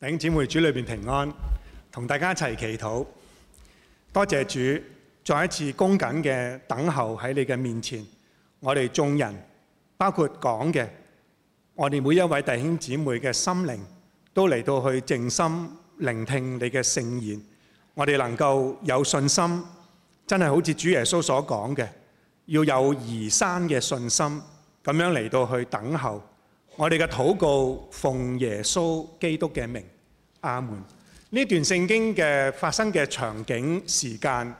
弟兄姊妹，主裡面平安，同大家一齊祈禱。多謝主，再一次恭謹嘅等候喺你嘅面前。我哋眾人，包括講嘅，我哋每一位弟兄姊妹嘅心靈，都嚟到去靜心聆聽你嘅聖言。我哋能夠有信心，真係好似主耶穌所講嘅，要有移山嘅信心，咁樣嚟到去等候。我哋嘅禱告，奉耶穌基督嘅名，阿門。呢段聖經嘅發生嘅場景、時間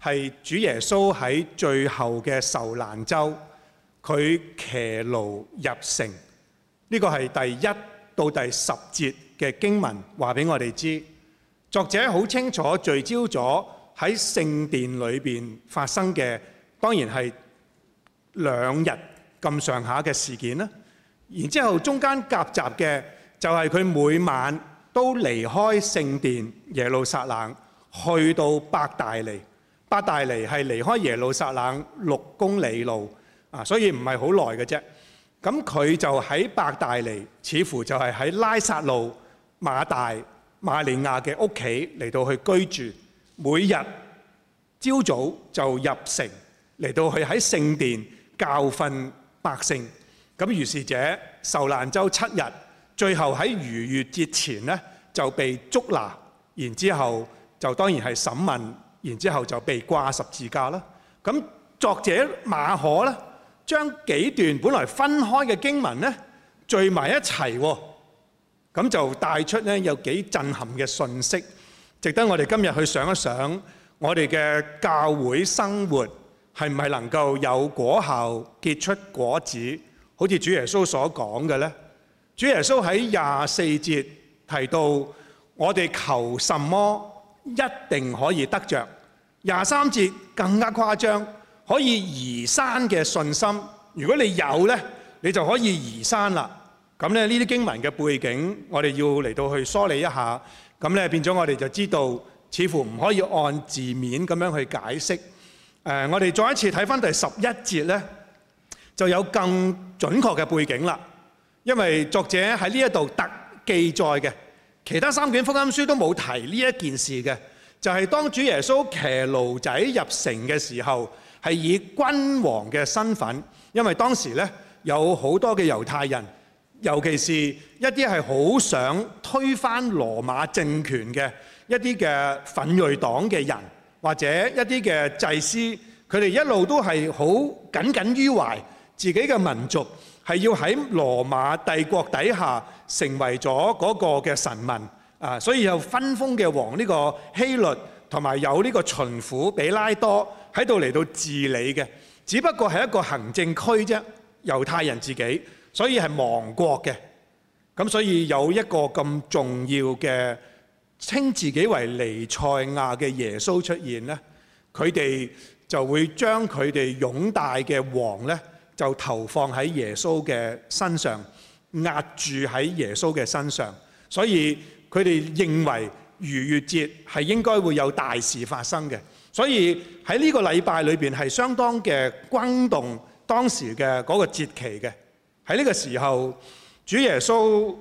係主耶穌喺最後嘅受難周，佢騎驢入城。呢個係第一到第十節嘅經文，話俾我哋知。作者好清楚聚焦咗喺聖殿裏邊發生嘅，當然係兩日咁上下嘅事件啦。然之後，中間夾雜嘅就係佢每晚都離開聖殿耶路撒冷，去到伯大尼。伯大尼係離開耶路撒冷六公里路啊，所以唔係好耐嘅啫。咁佢就喺伯大尼，似乎就係喺拉撒路馬大馬利亞嘅屋企嚟到去居住。每日朝早就入城嚟到去喺聖殿教訓百姓。咁於是者受難週七日，最後喺逾越節前咧就被捉拿，然之後就當然係審問，然之後就被掛十字架啦。咁作者馬可咧，將幾段本來分開嘅經文咧聚埋一齊，咁就帶出咧有幾震撼嘅訊息，值得我哋今日去想一想，我哋嘅教會生活係唔係能夠有果效結出果子？好似主耶穌所講嘅咧，主耶穌喺廿四節提到我哋求什麼一定可以得着。廿三節更加誇張，可以移山嘅信心。如果你有咧，你就可以移山啦。咁咧呢啲經文嘅背景，我哋要嚟到去梳理一下。咁咧變咗我哋就知道，似乎唔可以按字面咁樣去解釋。誒、呃，我哋再一次睇返第十一節咧。就有更準確嘅背景啦，因為作者喺呢一度特記載嘅，其他三卷福音書都冇提呢一件事嘅。就係當主耶穌騎驢仔入城嘅時候，係以君王嘅身份，因為當時呢，有好多嘅猶太人，尤其是一啲係好想推翻羅馬政權嘅一啲嘅奮銳黨嘅人，或者一啲嘅祭司，佢哋一路都係好耿耿於懷。自己嘅民族係要喺羅馬帝國底下成為咗嗰個嘅臣民啊，所以有分封嘅王呢個希律，同埋有呢個巡撫比拉多喺度嚟到治理嘅，只不過係一個行政區啫。猶太人自己，所以係亡國嘅，咁所以有一個咁重要嘅稱自己為彌賽亞嘅耶穌出現呢，佢哋就會將佢哋擁戴嘅王呢。就投放喺耶穌嘅身上，壓住喺耶穌嘅身上，所以佢哋認為逾越節係應該會有大事發生嘅，所以喺呢個禮拜裏邊係相當嘅轟動當時嘅嗰個節期嘅。喺呢個時候，主耶穌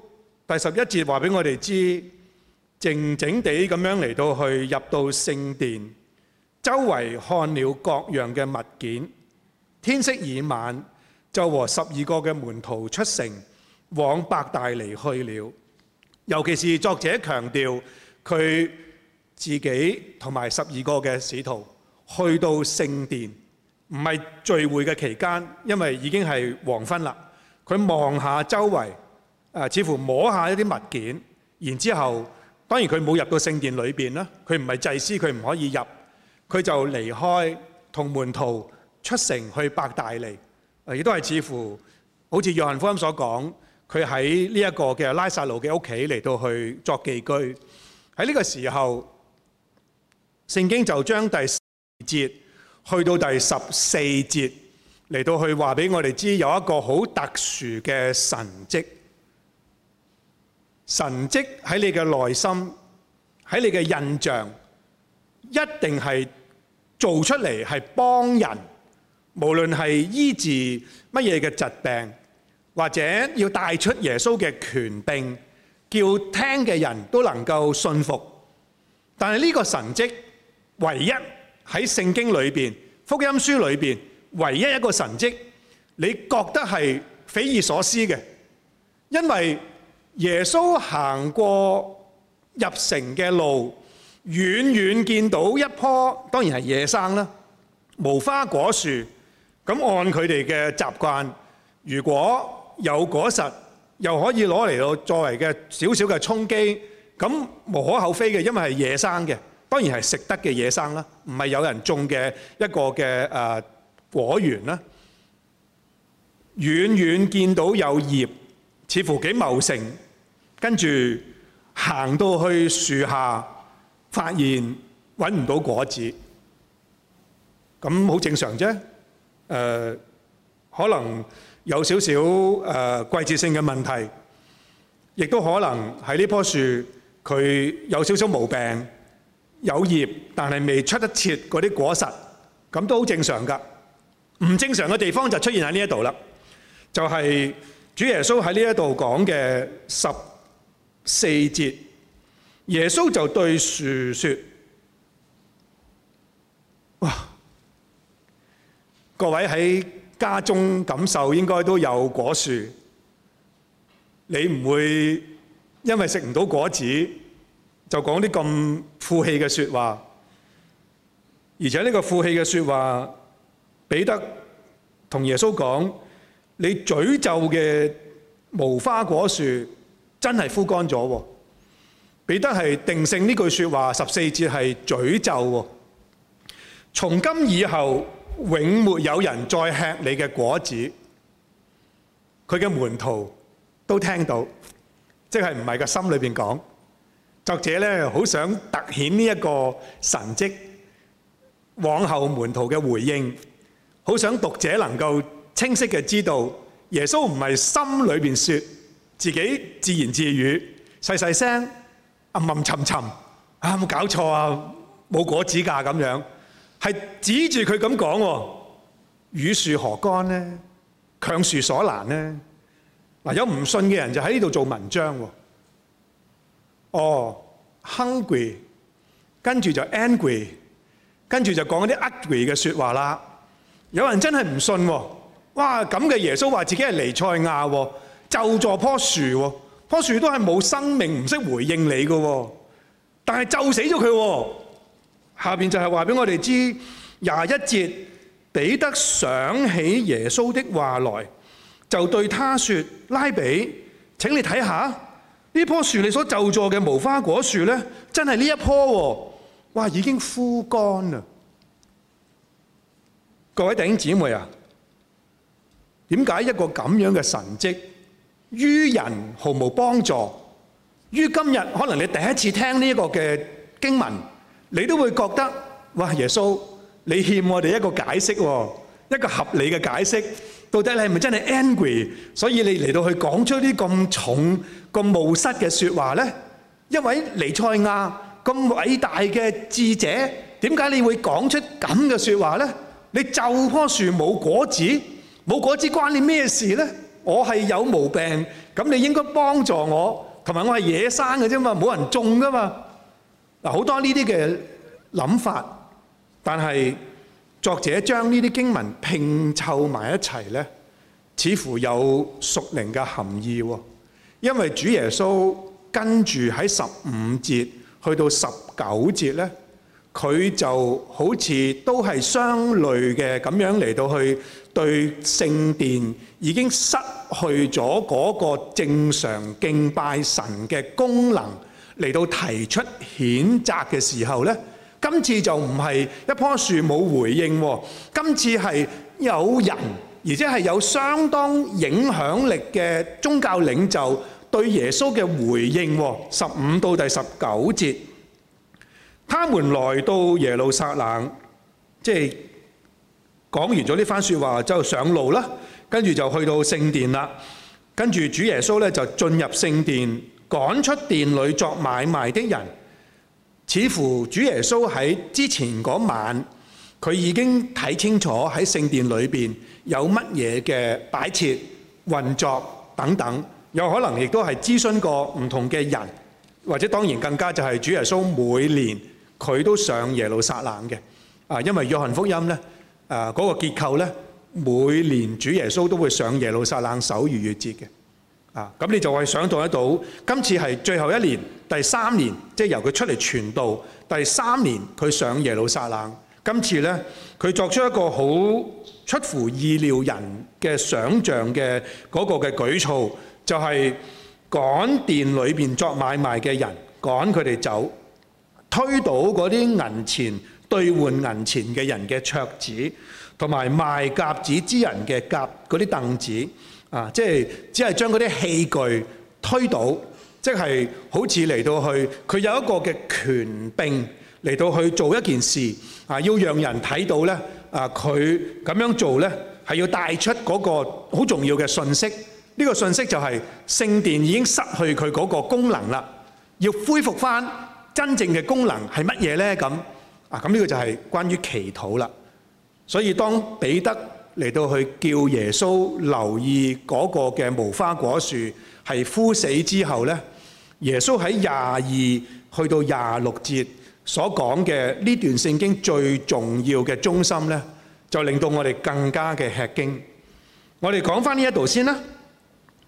第十一節話俾我哋知，靜靜地咁樣嚟到去入到聖殿，周圍看了各樣嘅物件。天色已晚，就和十二個嘅門徒出城往伯大尼去了。尤其是作者強調佢自己同埋十二個嘅使徒去到聖殿，唔係聚會嘅期間，因為已經係黃昏啦。佢望下周圍，呃，似乎摸下一啲物件，然之後當然佢冇入到聖殿裏面啦。佢唔係祭司，佢唔可以入，佢就離開同門徒。出城去伯大尼，亦都係似乎好似約翰福音所講，佢喺呢一個嘅拉撒路嘅屋企嚟到去作寄居。喺呢個時候，聖經就將第十二節去到第十四節嚟到去話俾我哋知有一個好特殊嘅神迹。神蹟喺你嘅內心，喺你嘅印象，一定係做出嚟係幫人。無論係醫治乜嘢嘅疾病，或者要帶出耶穌嘅權柄，叫聽嘅人都能夠信服。但係呢個神蹟，唯一喺聖經裏面、福音書裏面，唯一一個神蹟，你覺得係匪夷所思嘅，因為耶穌行過入城嘅路，遠遠見到一棵當然係野生啦，無花果樹。咁按佢哋嘅習慣，如果有果實，又可以攞嚟到作為嘅少少嘅充飢，咁無可厚非嘅，因為係野生嘅，當然係食得嘅野生啦，唔係有人種嘅一個嘅誒果園啦。遠遠見到有葉，似乎幾茂盛，跟住行到去樹下，發現揾唔到果子，咁好正常啫。誒、呃、可能有少少誒、呃、季節性嘅問題，亦都可能喺呢棵樹佢有少少毛病，有葉但係未出得切嗰啲果實，咁都好正常㗎。唔正常嘅地方就出現喺呢一度啦，就係、是、主耶穌喺呢一度講嘅十四節，耶穌就對樹説：哇！各位喺家中感受，應該都有果樹。你唔會因為食唔到果子，就講啲咁負氣嘅説話。而且呢個負氣嘅説話，彼得同耶穌講：你詛咒嘅無花果樹，真係枯乾咗喎。彼得係定性呢句説話十四節係詛咒喎。從今以後，永沒有人再吃你嘅果子，佢嘅門徒都聽到，即係唔係個心裏邊講。作者咧好想突顯呢一個神蹟，往後門徒嘅回應，好想讀者能夠清晰嘅知道，耶穌唔係心裏邊說自己自言自語，細細聲，暗暗沉沉，啊，冇搞錯啊，冇果子噶咁樣。係指住佢咁講喎，與樹何干咧？強樹所難咧。嗱、啊，有唔信嘅人就喺呢度做文章喎、啊。哦，hungry，跟住就 angry，跟住就講一啲 ugly 嘅説話啦。有人真係唔信喎、啊，哇！咁嘅耶穌話自己係彌賽亞、啊，咒咗棵樹喎、啊，棵樹都係冇生命，唔識回應你嘅、啊，但係就死咗佢喎。下面就係話俾我哋知廿一節，彼得想起耶穌的話來，就對他說：拉比，請你睇下呢棵樹你所咒詛嘅無花果樹呢，真係呢一棵，哇，已經枯乾了。各位弟兄姐妹啊，點解一個咁樣嘅神蹟於人毫無幫助？於今日可能你第一次聽呢個嘅經文。你都會覺得哇，耶穌，你欠我哋一個解釋喎，一個合理嘅解釋。到底你係咪真係 angry？所以你嚟到去講出啲咁重、咁冒失嘅説話呢？一位尼賽亞咁偉大嘅智者，點解你會講出咁嘅説話呢？你就棵樹冇果子，冇果子關你咩事呢？我係有毛病，咁你應該幫助我，同埋我係野生嘅啫嘛，冇人種㗎嘛。好多呢啲嘅諗法，但係作者將呢啲經文拼湊埋一齊，呢似乎有屬靈嘅含義喎。因為主耶穌跟住喺十五節去到十九節，呢佢就好似都係相類嘅咁樣嚟到去對聖殿已經失去咗嗰個正常敬拜神嘅功能。嚟到提出譴責嘅時候呢，今次就唔係一棵樹冇回應，今次係有人，而且係有相當影響力嘅宗教領袖對耶穌嘅回應。十五到第十九節，他們來到耶路撒冷，即係講完咗呢番説話就上路啦，跟住就去到聖殿啦，跟住主耶穌呢，就進入聖殿。趕出殿裏作買賣的人，似乎主耶穌喺之前嗰晚，佢已經睇清楚喺聖殿裏面有乜嘢嘅擺設、運作等等，有可能亦都係諮詢過唔同嘅人，或者當然更加就係主耶穌每年佢都上耶路撒冷嘅，啊，因為約翰福音呢個結、嗰個結構呢，每年主耶穌都會上耶路撒冷守逾越節嘅。啊！咁你就會想像得到，今次係最後一年，第三年，即係由佢出嚟傳道，第三年佢上耶路撒冷。今次呢，佢作出一個好出乎意料人嘅想像嘅嗰個嘅舉措，就係、是、趕殿裏面作買賣嘅人趕佢哋走，推倒嗰啲銀錢兌換銀錢嘅人嘅桌子，同埋賣鴿子之人嘅夾嗰啲凳子。啊！即係只係將嗰啲器具推倒，即係好似嚟到去佢有一個嘅權柄嚟到去做一件事。啊，要讓人睇到咧，啊佢咁樣做咧係要帶出嗰個好重要嘅信息。呢個信息就係聖殿已經失去佢嗰個功能啦，要恢復返真正嘅功能係乜嘢咧？咁啊，咁呢個就係關於祈禱啦。所以當彼得嚟到去叫耶穌留意嗰個嘅無花果樹係枯死之後呢。耶穌喺廿二去到廿六節所講嘅呢段聖經最重要嘅中心呢，就令到我哋更加嘅吃驚。我哋講翻呢一度先啦。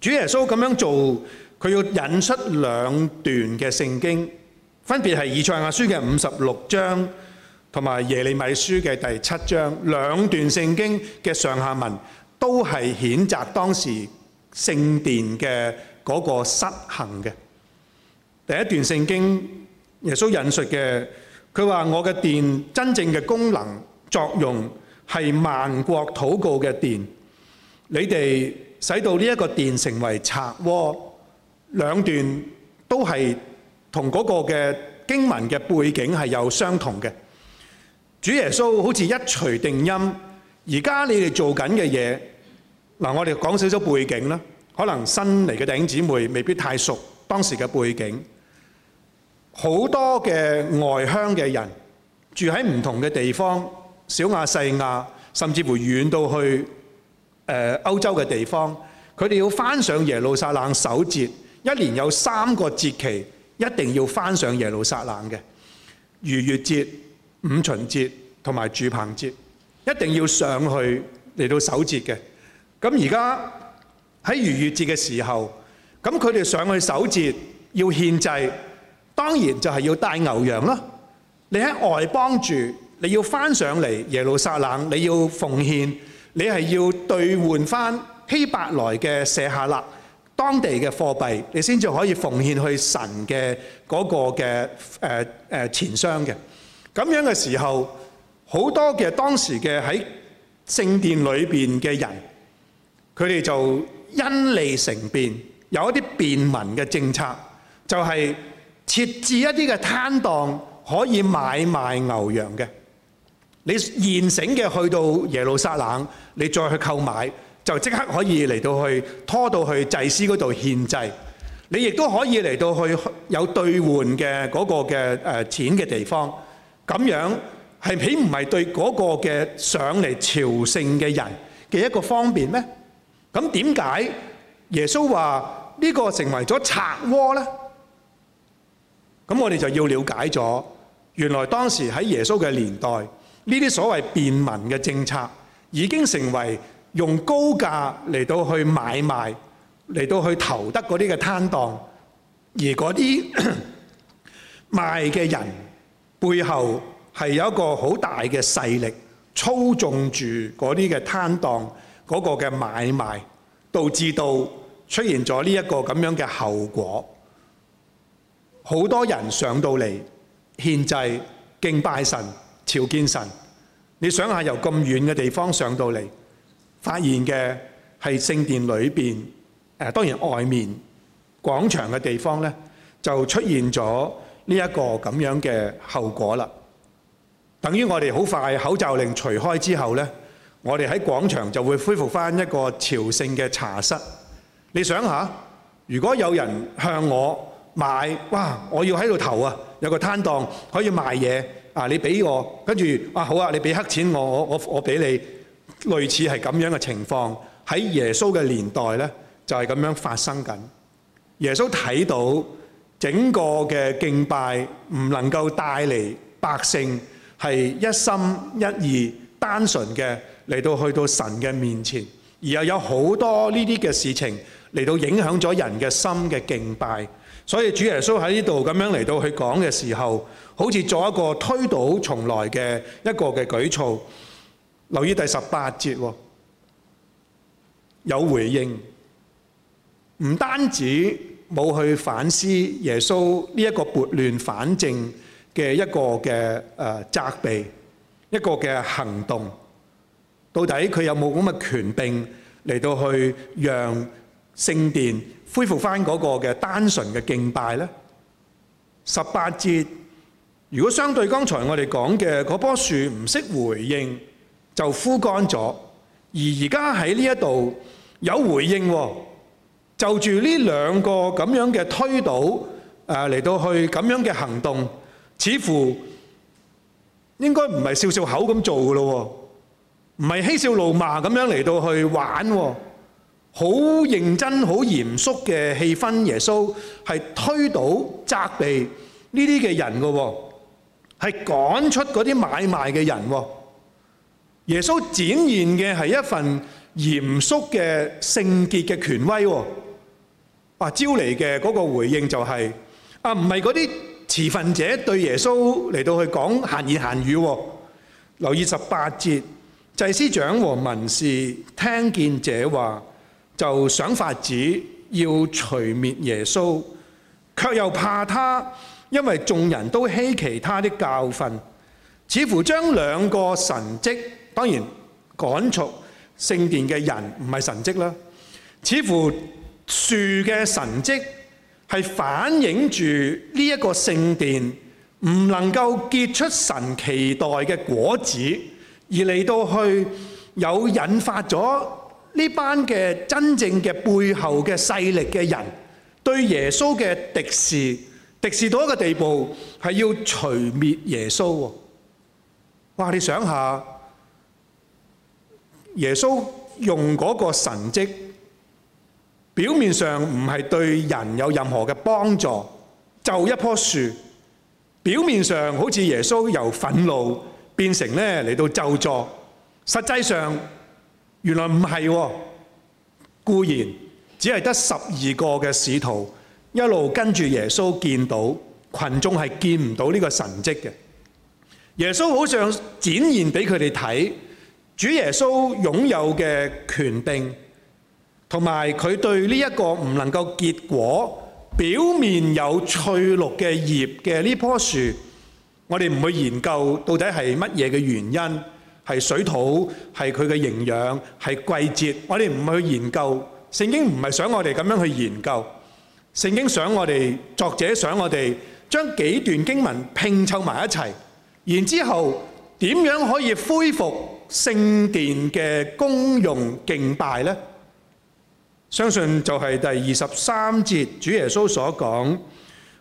主耶穌咁樣做，佢要引出兩段嘅聖經，分別係以賽亞書嘅五十六章。同埋耶利米書嘅第七章，兩段聖經嘅上下文都係譴責當時聖殿嘅嗰個失衡嘅。第一段聖經，耶穌引述嘅，佢話：我嘅殿真正嘅功能作用係萬國禱告嘅殿。你哋使到呢一個殿成為賊窩，兩段都係同嗰個嘅經文嘅背景係有相同嘅。主耶穌好似一槌定音。而家你哋做緊嘅嘢，嗱，我哋講少少背景啦。可能新嚟嘅弟兄姊妹未必太熟當時嘅背景。好多嘅外鄉嘅人住喺唔同嘅地方，小亞細亞甚至乎遠到去誒、呃、歐洲嘅地方，佢哋要翻上耶路撒冷守節。一年有三個節期，一定要翻上耶路撒冷嘅逾越節。五旬節同埋住棚節一定要上去嚟到守節嘅。咁而家喺逾越節嘅時候，咁佢哋上去守節要獻祭，當然就係要帶牛羊啦。你喺外邦住，你要翻上嚟耶路撒冷，你要奉獻，你係要兌換翻希伯來嘅舍客勒當地嘅貨幣，你先至可以奉獻去神嘅嗰個嘅誒誒錢箱嘅。咁樣嘅時候，好多嘅當時嘅喺聖殿裏面嘅人，佢哋就因利成便，有一啲便民嘅政策，就係、是、設置一啲嘅攤檔可以買賣牛羊嘅。你現成嘅去到耶路撒冷，你再去購買，就即刻可以嚟到去拖到去祭司嗰度獻祭。你亦都可以嚟到去有兌換嘅嗰個嘅誒錢嘅地方。咁樣係豈唔係對嗰個嘅上嚟朝聖嘅人嘅一個方便咩？咁點解耶穌話呢個成為咗賊窩咧？咁我哋就要了解咗，原來當時喺耶穌嘅年代，呢啲所謂便民嘅政策已經成為用高價嚟到去買賣，嚟到去投得嗰啲嘅攤檔，而嗰啲賣嘅人。背後係有一個好大嘅勢力操縱住嗰啲嘅攤檔嗰個嘅買賣，導致到出現咗呢一個咁樣嘅後果。好多人上到嚟獻祭、敬拜神、朝見神。你想下由咁遠嘅地方上到嚟，發現嘅係聖殿裏邊，誒當然外面廣場嘅地方咧，就出現咗。呢一個咁樣嘅後果啦，等於我哋好快口罩令除開之後呢，我哋喺廣場就會恢復翻一個朝聖嘅茶室。你想下，如果有人向我買，哇，我要喺度投啊，有個攤檔可以賣嘢啊，你俾我，跟住啊好啊，你俾黑錢我，我我我俾你，類似係咁樣嘅情況喺耶穌嘅年代呢，就係咁樣發生緊。耶穌睇到。整個嘅敬拜唔能夠帶嚟百姓係一心一意、單純嘅嚟到去到神嘅面前，而又有好多呢啲嘅事情嚟到影響咗人嘅心嘅敬拜。所以主耶穌喺呢度噉樣嚟到去講嘅時候，好似做一個推倒重來嘅一個嘅舉措。留意第十八節，有回應，唔單止。冇去反思耶穌呢一個撥亂反正嘅一個嘅誒責備，一個嘅行動，到底佢有冇咁嘅權柄嚟到去讓聖殿恢復返嗰個嘅單純嘅敬拜呢？十八節，如果相對剛才我哋講嘅嗰棵樹唔識回應，就枯乾咗；而而家喺呢一度有回應喎。就住呢兩個咁樣嘅推倒，呃、嚟到去咁樣嘅行動，似乎應該唔係笑笑口咁做嘅咯，唔係嬉笑怒罵咁樣嚟到去玩，好認真、好嚴肅嘅氣氛。耶穌係推倒責備呢啲嘅人嘅，係趕出嗰啲買賣嘅人。耶穌展現嘅係一份嚴肅嘅聖潔嘅權威。招嚟嘅嗰個回應就係、是、啊，唔係嗰啲持份者對耶穌嚟到去講閒言閒語、哦。留意十八節，祭司長和文士聽見這話，就想法子要除滅耶穌，卻又怕他，因為眾人都希奇他的教訓，似乎將兩個神蹟，當然趕出聖殿嘅人唔係神蹟啦，似乎。樹嘅神跡係反映住呢個聖殿唔能夠結出神期待嘅果子，而嚟到去有引發咗呢班嘅真正嘅背後嘅勢力嘅人對耶穌嘅敵視，敵視到一個地步係要除滅耶穌。哇！你想下，耶穌用嗰個神跡。表面上唔係對人有任何嘅幫助，就一棵樹。表面上好似耶穌由憤怒變成咧嚟到咒詛，實際上原來唔係。固然只係得十二個嘅使徒一路跟住耶穌見到，群眾係見唔到呢個神跡嘅。耶穌好想展現俾佢哋睇，主耶穌擁有嘅權柄。同埋佢對呢一個唔能夠結果，表面有翠綠嘅葉嘅呢棵樹，我哋唔去研究到底係乜嘢嘅原因，係水土，係佢嘅營養，係季節。我哋唔去研究，聖經唔係想我哋咁樣去研究，聖經想我哋作者想我哋將幾段經文拼湊埋一齊，然之後點樣可以恢復聖殿嘅功用敬拜呢？相信就係第二十三節，主耶穌所講，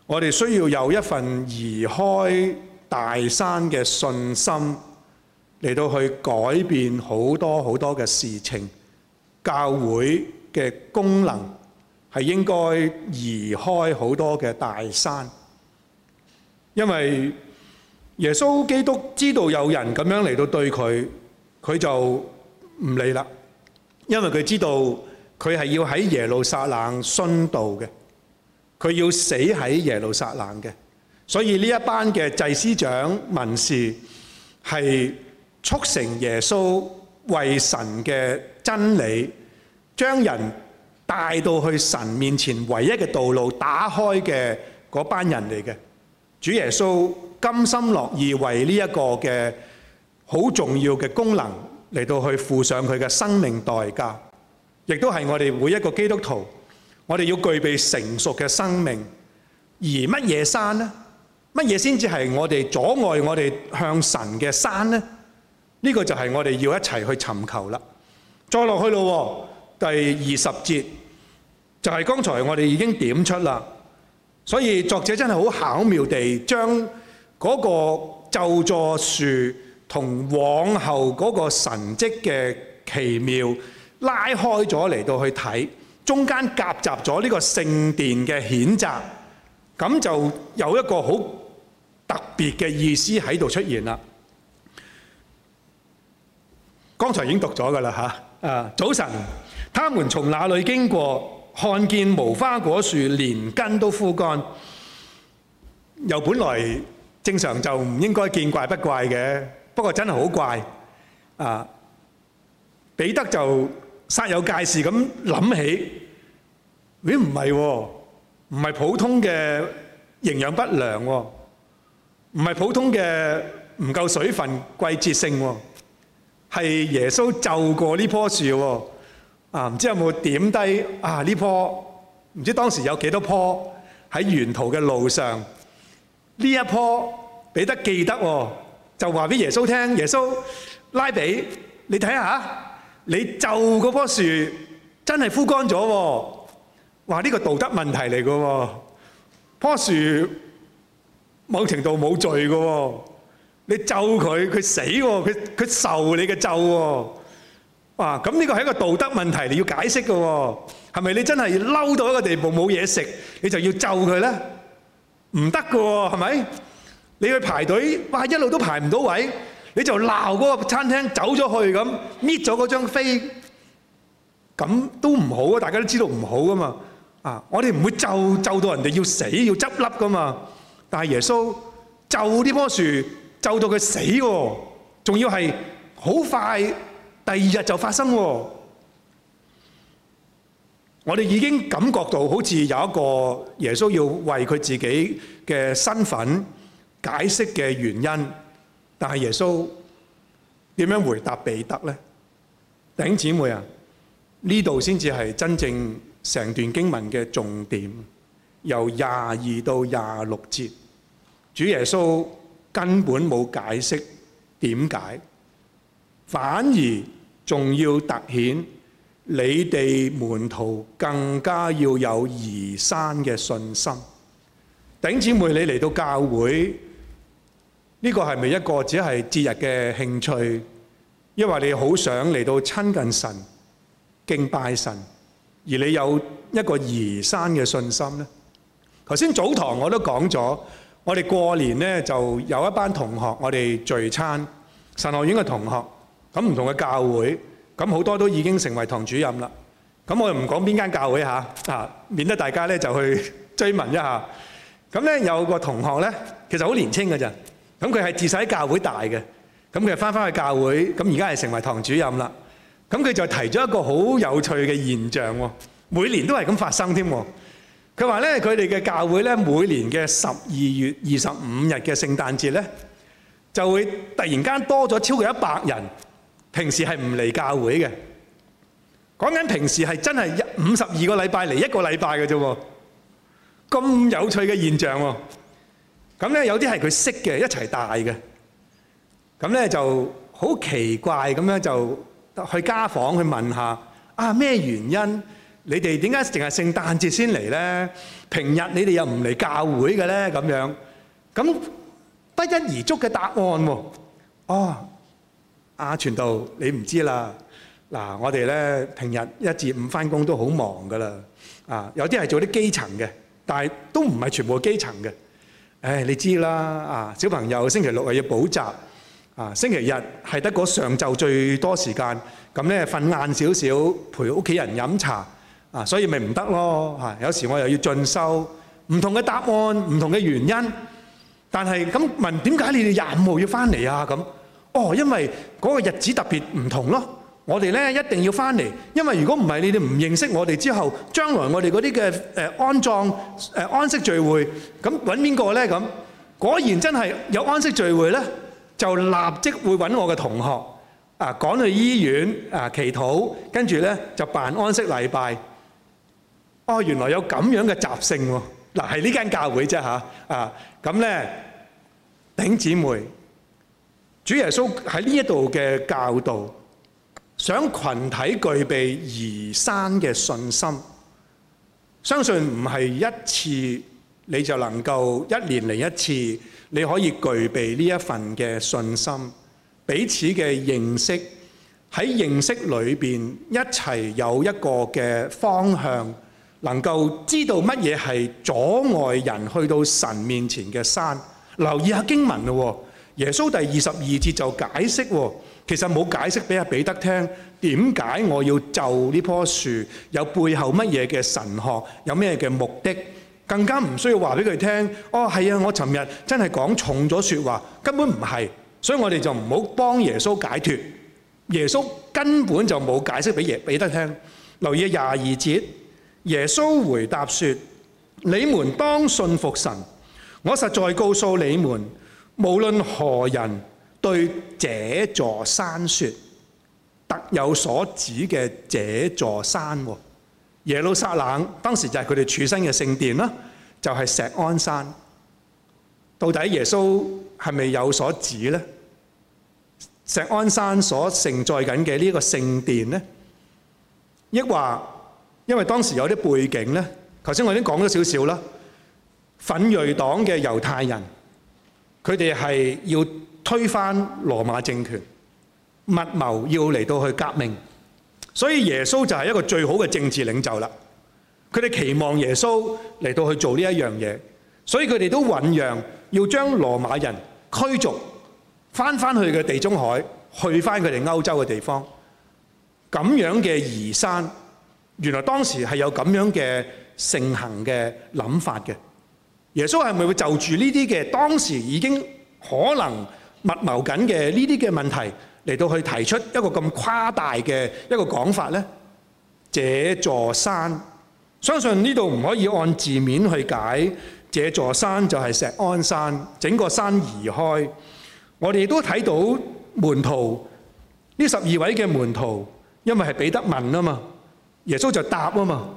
我哋需要有一份移開大山嘅信心，嚟到去改變好多好多嘅事情。教會嘅功能係應該移開好多嘅大山，因為耶穌基督知道有人咁樣嚟到對佢，佢就唔理啦，因為佢知道。佢係要喺耶路撒冷殉道嘅，佢要死喺耶路撒冷嘅。所以呢一班嘅祭司長、文士係促成耶穌為神嘅真理，將人帶到去神面前唯一嘅道路打開嘅嗰班人嚟嘅。主耶穌甘心樂意為呢一個嘅好重要嘅功能嚟到去付上佢嘅生命代價。亦都係我哋每一個基督徒，我哋要具備成熟嘅生命。而乜嘢山呢？乜嘢先至係我哋阻礙我哋向神嘅山呢？呢、這個就係我哋要一齊去尋求啦。再落去咯，第二十節就係、是、剛才我哋已經點出啦。所以作者真係好巧妙地將嗰個咒詛樹同往後嗰個神蹟嘅奇妙。拉開咗嚟到去睇，中間夾雜咗呢個聖殿嘅譴責，咁就有一個好特別嘅意思喺度出現啦。剛才已經讀咗㗎啦嚇，啊，早晨，他們從那裏經過，看見無花果樹連根都枯乾，又本來正常就唔應該見怪不怪嘅，不過真係好怪啊。彼得就。煞有介事咁諗起，咦？唔係喎，唔係普通嘅營養不良喎，唔係普通嘅唔夠水分季節性喎，係耶穌就過呢棵樹喎。啊，唔知有冇點低啊？呢棵唔知當時有幾多棵喺沿途嘅路上，呢一棵俾得記得喎，就話俾耶穌聽，耶穌拉俾你睇下。你咒嗰棵樹真係枯乾咗，話呢個道德問題嚟噶喎。棵樹某程度冇罪噶喎，你咒佢佢死喎，佢佢受你嘅咒喎。咁呢個係一個道德問題嚟，你要解釋噶喎。係咪你真係嬲到一個地步冇嘢食，你就要咒佢咧？唔得噶喎，係咪？你去排隊哇，一路都排唔到位。你就鬧嗰個餐廳走咗去，咁搣咗嗰張飛，咁都唔好啊！大家都知道唔好㗎嘛。啊，我哋唔會咒咒到人哋要死要執笠㗎嘛。但係耶穌咒呢樖樹咒到佢死喎、啊，仲要係好快第二日就發生喎、啊。我哋已經感覺到好似有一個耶穌要為佢自己嘅身份解釋嘅原因。但係耶穌點樣回答彼得咧？頂姊妹啊，呢度先至係真正成段經文嘅重點，由廿二到廿六節，主耶穌根本冇解釋點解，反而仲要突顯你哋門徒更加要有移山嘅信心。頂姊妹，你嚟到教會。呢個係咪一個只係節日嘅興趣，因為你好想嚟到親近神、敬拜神，而你有一個移山嘅信心呢？頭先早堂我都講咗，我哋過年呢，就有一班同，同學，我哋聚餐神學院嘅同學，咁唔同嘅教會，咁好多都已經成為堂主任啦。咁我又唔講邊間教會下啊，免得大家咧就去追問一下。咁咧有個同學咧，其實好年輕嘅咋。咁佢係自細喺教會大嘅，咁佢返返去教會，咁而家係成為堂主任啦。咁佢就提咗一個好有趣嘅現象喎，每年都係咁發生添。佢話咧，佢哋嘅教會咧，每年嘅十二月二十五日嘅聖誕節咧，就會突然間多咗超過一百人，平時係唔嚟教會嘅。講緊平時係真係五十二個禮拜嚟一個禮拜嘅啫喎，咁有趣嘅現象喎！咁呢有啲係佢識嘅，一齊帶嘅。咁呢就好奇怪咁樣，就去家訪去問一下啊咩原因？你哋點解淨係聖誕節先嚟呢？平日你哋又唔嚟教會嘅呢？咁樣，咁不一而足嘅答案喎。哦，阿，啊，全道你唔知啦。嗱，啊，我哋呢平日一至五返工都好忙㗎喇。啊，有啲係做啲基層嘅，但係都唔係全部基層嘅。誒你知啦啊，小朋友星期六又要補習啊，星期日係得嗰上晝最多時間，咁咧瞓晏少少，陪屋企人飲茶啊，所以咪唔得咯嚇。有時我又要進修，唔同嘅答案，唔同嘅原因，但係咁問，點解你哋廿五號要翻嚟啊？咁哦，因為嗰個日子特別唔同咯。我哋咧一定要返嚟，因為如果唔係，你哋唔認識我哋之後，將來我哋嗰啲嘅誒安葬誒安息聚會，咁揾邊個咧？咁果然真係有安息聚會咧，就立即會揾我嘅同學啊，趕去醫院啊，祈禱，跟住咧就辦安息禮拜。哦，原來有咁樣嘅習性喎！嗱，係呢間教會啫嚇啊，咁咧頂姊妹，主耶穌喺呢一度嘅教導。想群體具備移山嘅信心，相信唔係一次你就能夠一年嚟一次，你可以具備呢一份嘅信心，彼此嘅認識，喺認識裏面一齊有一個嘅方向，能夠知道乜嘢係阻礙人去到神面前嘅山。留意一下經文，耶穌第二十二節就解釋喎。其實冇解釋俾阿彼得聽點解我要就呢棵樹，有背後乜嘢嘅神學，有咩嘅目的，更加唔需要話俾佢聽。哦，係啊，我尋日真係講重咗說話，根本唔係，所以我哋就唔好幫耶穌解脫。耶穌根本就冇解釋俾彼得聽。留意廿二節，耶穌回答說：你們當信服神。我實在告訴你們，無論何人。對這座山説，特有所指嘅這座山，耶路撒冷當時就係佢哋處身嘅聖殿啦，就係錫安山。到底耶穌係咪有所指呢？錫安山所承載緊嘅呢個聖殿呢？抑或因為當時有啲背景呢？頭先我已經講咗少少啦，奮銳黨嘅猶太人，佢哋係要。推翻羅馬政權，密謀要嚟到去革命，所以耶穌就係一個最好嘅政治領袖啦。佢哋期望耶穌嚟到去做呢一樣嘢，所以佢哋都醞釀要將羅馬人驅逐，翻翻去嘅地中海，去翻佢哋歐洲嘅地方。咁樣嘅移山，原來當時係有咁樣嘅盛行嘅諗法嘅。耶穌係咪會就住呢啲嘅當時已經可能？密謀緊嘅呢啲嘅問題嚟到去提出一個咁誇大嘅一個講法呢，這座山，相信呢度唔可以按字面去解，這座山就係錫安山，整個山移開。我哋都睇到門徒呢十二位嘅門徒，因為係彼得問啊嘛，耶穌就答啊嘛。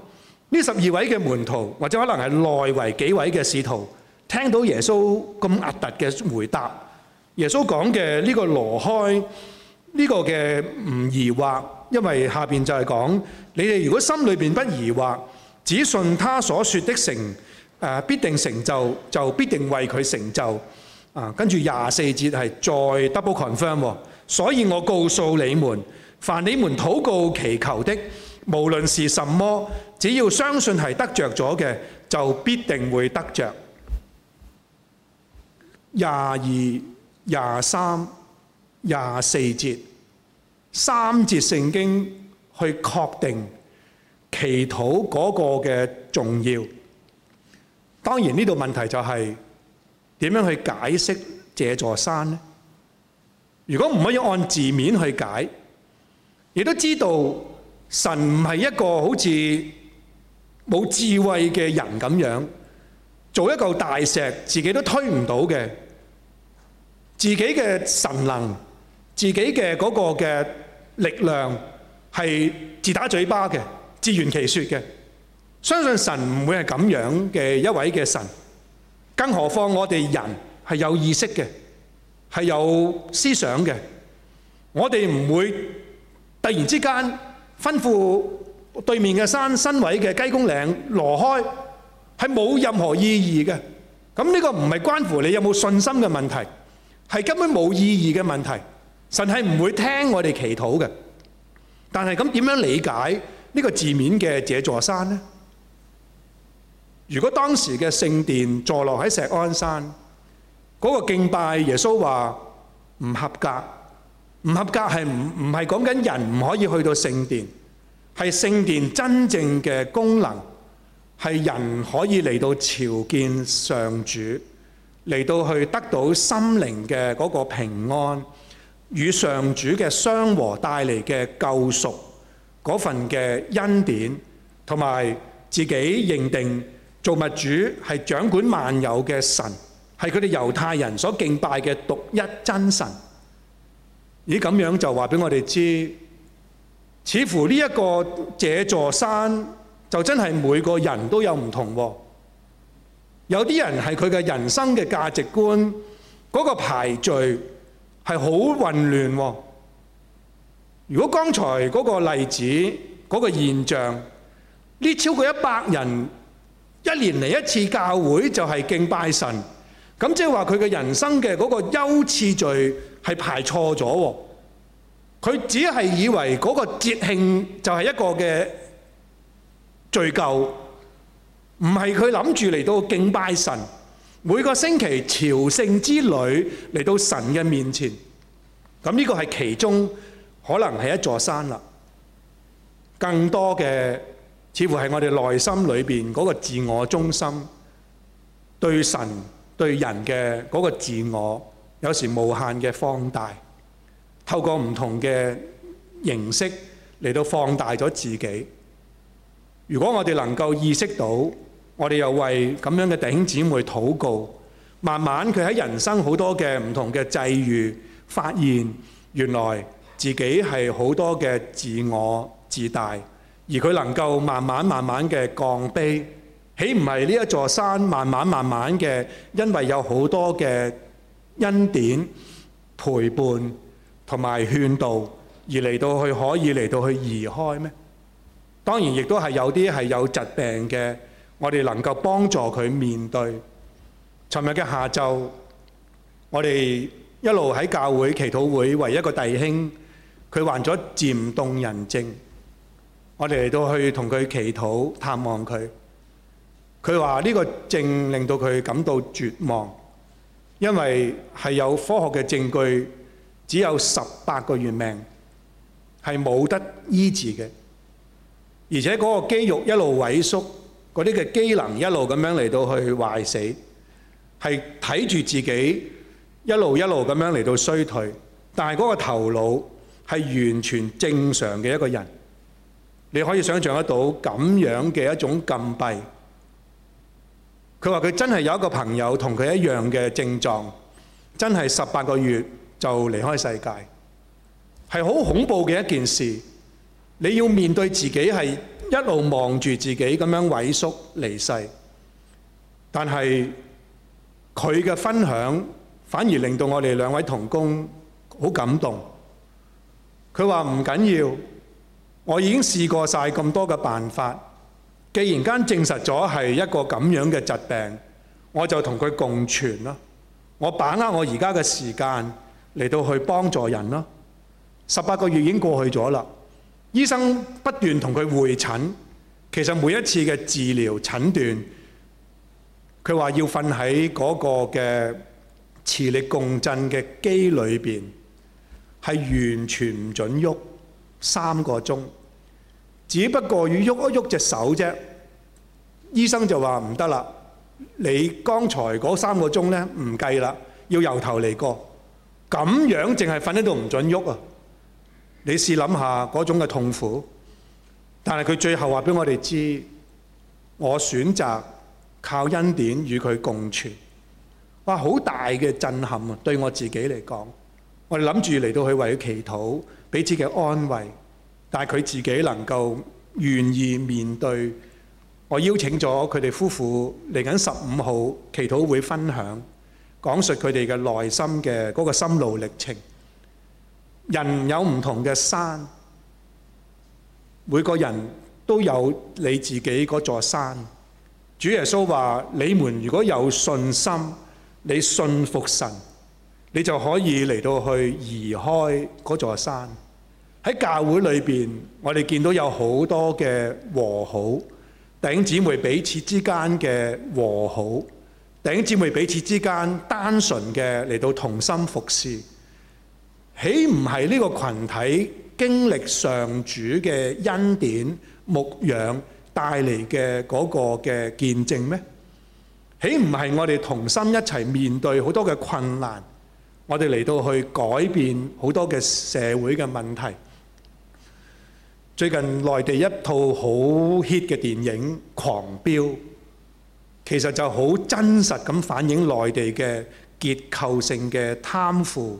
呢十二位嘅門徒或者可能係內圍幾位嘅使徒，聽到耶穌咁壓突嘅回答。耶穌講嘅呢個挪開呢、呢個嘅唔疑惑，因為下面就係講你哋如果心裏面不疑惑，只信他所說的成，呃、必定成就，就必定為佢成就。啊，跟住廿四節係再 double confirm、哦、所以我告訴你們，凡你們禱告祈求的，無論是什麼，只要相信係得着咗嘅，就必定會得著。廿二。廿三、廿四節，三節聖經去確定祈禱嗰個嘅重要。當然呢度問題就係點樣去解釋這座山呢？如果唔可以按字面去解，亦都知道神唔係一個好似冇智慧嘅人咁樣，做一嚿大石自己都推唔到嘅。自己嘅神能，自己嘅嗰個嘅力量係自打嘴巴嘅，自圓其説嘅。相信神唔會係咁樣嘅一位嘅神，更何況我哋人係有意識嘅，係有思想嘅。我哋唔會突然之間吩咐對面嘅山身位嘅雞公嶺挪開，係冇任何意義嘅。咁呢個唔係關乎你有冇信心嘅問題。係根本冇意義嘅問題，神係唔會聽我哋祈禱嘅。但係咁點樣理解呢個字面嘅這座山呢？如果當時嘅聖殿坐落喺錫安山，嗰、那個敬拜耶穌話唔合格，唔合格係唔唔係講緊人唔可以去到聖殿？係聖殿真正嘅功能係人可以嚟到朝見上主。嚟到去得到心靈嘅嗰個平安，與上主嘅相和帶嚟嘅救贖，嗰份嘅恩典，同埋自己認定造物主係掌管萬有嘅神，係佢哋猶太人所敬拜嘅獨一真神。咦，咁樣就話俾我哋知，似乎呢一個呢座山就真係每個人都有唔同喎。有啲人係佢嘅人生嘅價值觀嗰個排序係好混亂的。如果剛才嗰個例子嗰個現象，呢，超過一百人一年嚟一次教會就係敬拜神，咁即係話佢嘅人生嘅嗰個優次序係排錯咗。佢只係以為嗰個節慶就係一個嘅罪咎。唔係佢諗住嚟到敬拜神，每個星期朝聖之旅嚟到神嘅面前，咁呢個係其中可能係一座山啦。更多嘅似乎係我哋內心裏面嗰個自我中心，對神對人嘅嗰個自我，有時無限嘅放大，透過唔同嘅形式嚟到放大咗自己。如果我哋能夠意識到。我哋又為咁樣嘅弟兄姊妹禱告，慢慢佢喺人生好多嘅唔同嘅際遇，發現原來自己係好多嘅自我自大，而佢能夠慢慢慢慢嘅降卑，豈唔係呢一座山慢慢慢慢嘅，因為有好多嘅恩典陪伴同埋勸導，而嚟到去可以嚟到去移開咩？當然亦都係有啲係有疾病嘅。我哋能夠幫助佢面對。尋日嘅下晝，我哋一路喺教會祈禱會為一個弟兄，佢患咗漸凍人症。我哋嚟到去同佢祈禱探望佢。佢話呢個症令到佢感到絕望，因為係有科學嘅證據，只有十八個月命係冇得醫治嘅，而且嗰個肌肉一路萎縮。嗰啲嘅機能一路咁樣嚟到去壞死，係睇住自己一路一路咁樣嚟到衰退，但係嗰個頭腦係完全正常嘅一個人，你可以想象得到咁樣嘅一種禁閉。佢話佢真係有一個朋友同佢一樣嘅症狀，真係十八個月就離開世界，係好恐怖嘅一件事。你要面對自己係。一路望住自己咁樣萎縮離世，但係佢嘅分享反而令到我哋兩位同工好感動。佢話唔緊要，我已經試過晒咁多嘅辦法，既然間證實咗係一個咁樣嘅疾病，我就同佢共存啦。我把握我而家嘅時間嚟到去幫助人啦。十八個月已經過去咗啦。醫生不斷同佢會診，其實每一次嘅治療診斷，佢話要瞓喺嗰個嘅磁力共振嘅機裏邊，係完全唔準喐三個鐘。只不過要喐一喐隻手啫，醫生就話唔得啦。你剛才嗰三個鐘咧，唔計啦，要由頭嚟過。咁樣淨係瞓喺度唔準喐啊！你試諗下嗰種嘅痛苦，但係佢最後話俾我哋知，我選擇靠恩典與佢共存。哇，好大嘅震撼啊！對我自己嚟講，我諗住嚟到去為佢祈禱，彼此嘅安慰，但係佢自己能夠願意面對。我邀請咗佢哋夫婦嚟緊十五號祈禱會分享，講述佢哋嘅內心嘅嗰個心路歷程。人有唔同嘅山，每個人都有你自己嗰座山。主耶穌話：「你們如果有信心，你信服神，你就可以嚟到去移開嗰座山。」喺教會裏邊，我哋見到有好多嘅和好，頂姊妹彼此之間嘅和好，頂姊妹彼此之間單純嘅嚟到同心服侍。豈唔係呢個群體經歷上主嘅恩典牧養帶嚟嘅嗰個嘅見證咩？豈唔係我哋同心一齊面對好多嘅困難，我哋嚟到去改變好多嘅社會嘅問題。最近內地一套好 hit 嘅電影《狂飆》，其實就好真實咁反映內地嘅結構性嘅貪腐。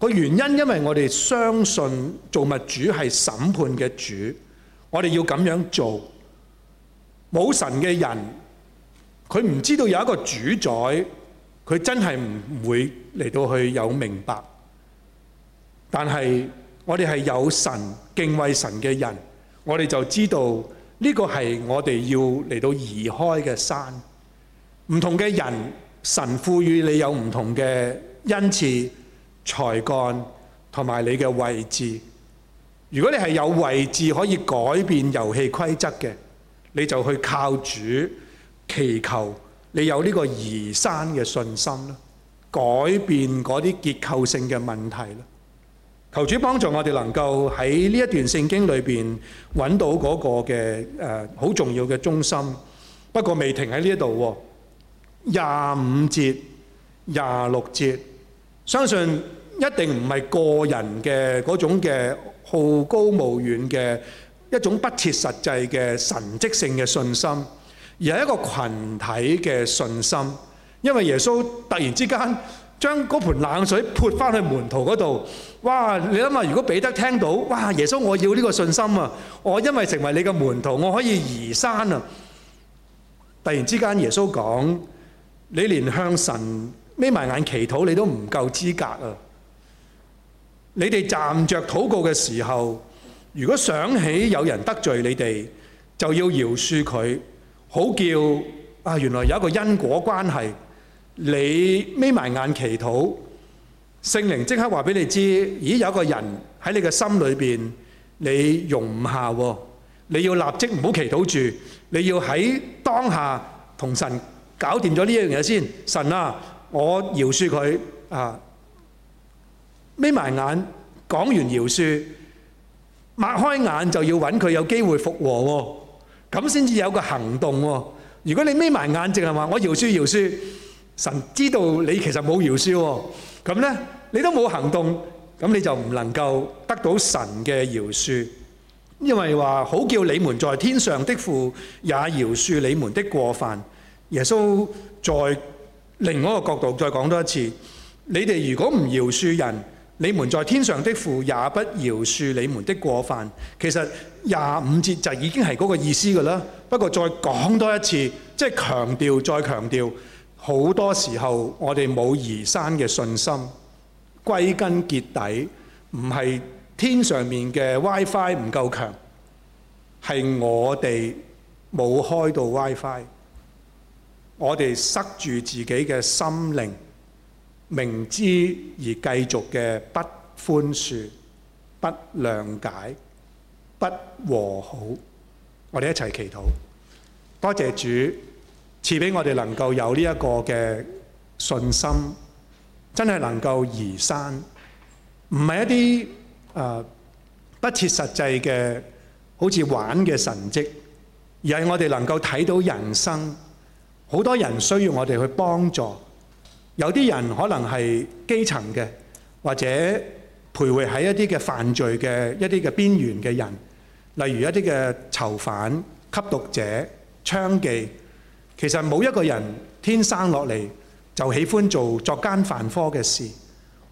個原因，因為我哋相信造物主係審判嘅主，我哋要咁樣做。冇神嘅人，佢唔知道有一個主宰，佢真係唔會嚟到去有明白。但係我哋係有神敬畏神嘅人，我哋就知道呢個係我哋要嚟到移開嘅山。唔同嘅人，神賦予你有唔同嘅恩賜。才幹同埋你嘅位置，如果你係有位置可以改變遊戲規則嘅，你就去靠主祈求，你有呢個移山嘅信心啦，改變嗰啲結構性嘅問題啦。求主幫助我哋能夠喺呢一段聖經裏邊揾到嗰個嘅誒好重要嘅中心。不過未停喺呢一度喎，廿五節、廿六節。相信一定唔係個人嘅嗰種嘅好高騖遠嘅一種不切實際嘅神蹟性嘅信心，而係一個羣體嘅信心。因為耶穌突然之間將嗰盆冷水潑翻去門徒嗰度，哇！你諗下，如果彼得聽到，哇！耶穌，我要呢個信心啊！我因為成為你嘅門徒，我可以移山啊！突然之間，耶穌講：你連向神眯埋眼祈禱，你都唔夠資格啊！你哋站着禱告嘅時候，如果想起有人得罪你哋，就要饒恕佢，好叫啊，原來有一個因果關係。你眯埋眼祈禱，聖靈即刻話俾你知，咦，有個人喺你嘅心裏邊，你容唔下喎，你要立即唔好祈禱住，你要喺當下同神搞掂咗呢一樣嘢先，神啊！我饒恕佢啊！眯埋眼講完饒恕，擘開眼就要揾佢有機會復和喎，咁先至有個行動。如果你眯埋眼淨係話我饒恕饒恕，神知道你其實冇饒恕，咁呢你都冇行動，咁你就唔能夠得到神嘅饒恕，因為話好叫你們在天上的父也饒恕你們的過犯。耶穌在。另外一個角度再講多一次，你哋如果唔饒恕人，你們在天上的父也不饒恕你們的過犯。其實廿五節就已經係嗰個意思㗎啦。不過再講多一次，即係強調，再強調，好多時候我哋冇移山嘅信心，歸根結底唔係天上面嘅 WiFi 唔夠強，係我哋冇開到 WiFi。Fi 我哋塞住自己嘅心靈，明知而繼續嘅不寬恕、不諒解、不和好，我哋一齊祈禱。多謝主，賜俾我哋能夠有呢一個嘅信心，真係能夠移山，唔係一啲、呃、不切實際嘅好似玩嘅神迹，而係我哋能夠睇到人生。好多人需要我哋去幫助，有啲人可能係基層嘅，或者徘徊喺一啲嘅犯罪嘅一啲嘅邊緣嘅人，例如一啲嘅囚犯、吸毒者、娼妓。其實冇一個人天生落嚟就喜歡做作奸犯科嘅事，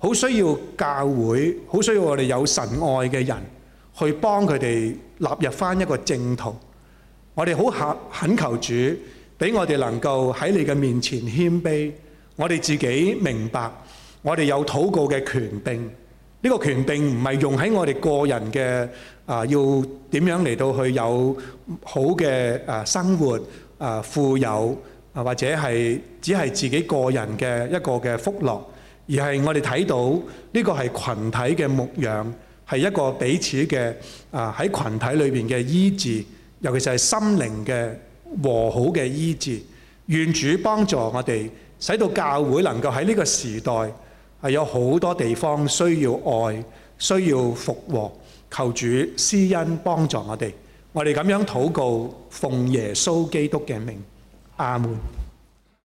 好需要教會，好需要我哋有神愛嘅人去幫佢哋納入翻一個正途。我哋好懇求主。俾我哋能夠喺你嘅面前謙卑，我哋自己明白，我哋有禱告嘅權柄。呢個權柄唔係用喺我哋個人嘅啊，要點樣嚟到去有好嘅啊生活啊富有啊，或者係只係自己個人嘅一個嘅福樂，而係我哋睇到呢個係羣體嘅牧養，係一個彼此嘅啊喺羣體裏邊嘅醫治，尤其是係心靈嘅。和好嘅醫治，願主幫助我哋，使到教會能夠喺呢個時代係，有好多地方需要愛、需要復和。求主施恩幫助我哋。我哋咁樣禱告，奉耶穌基督嘅名，阿門。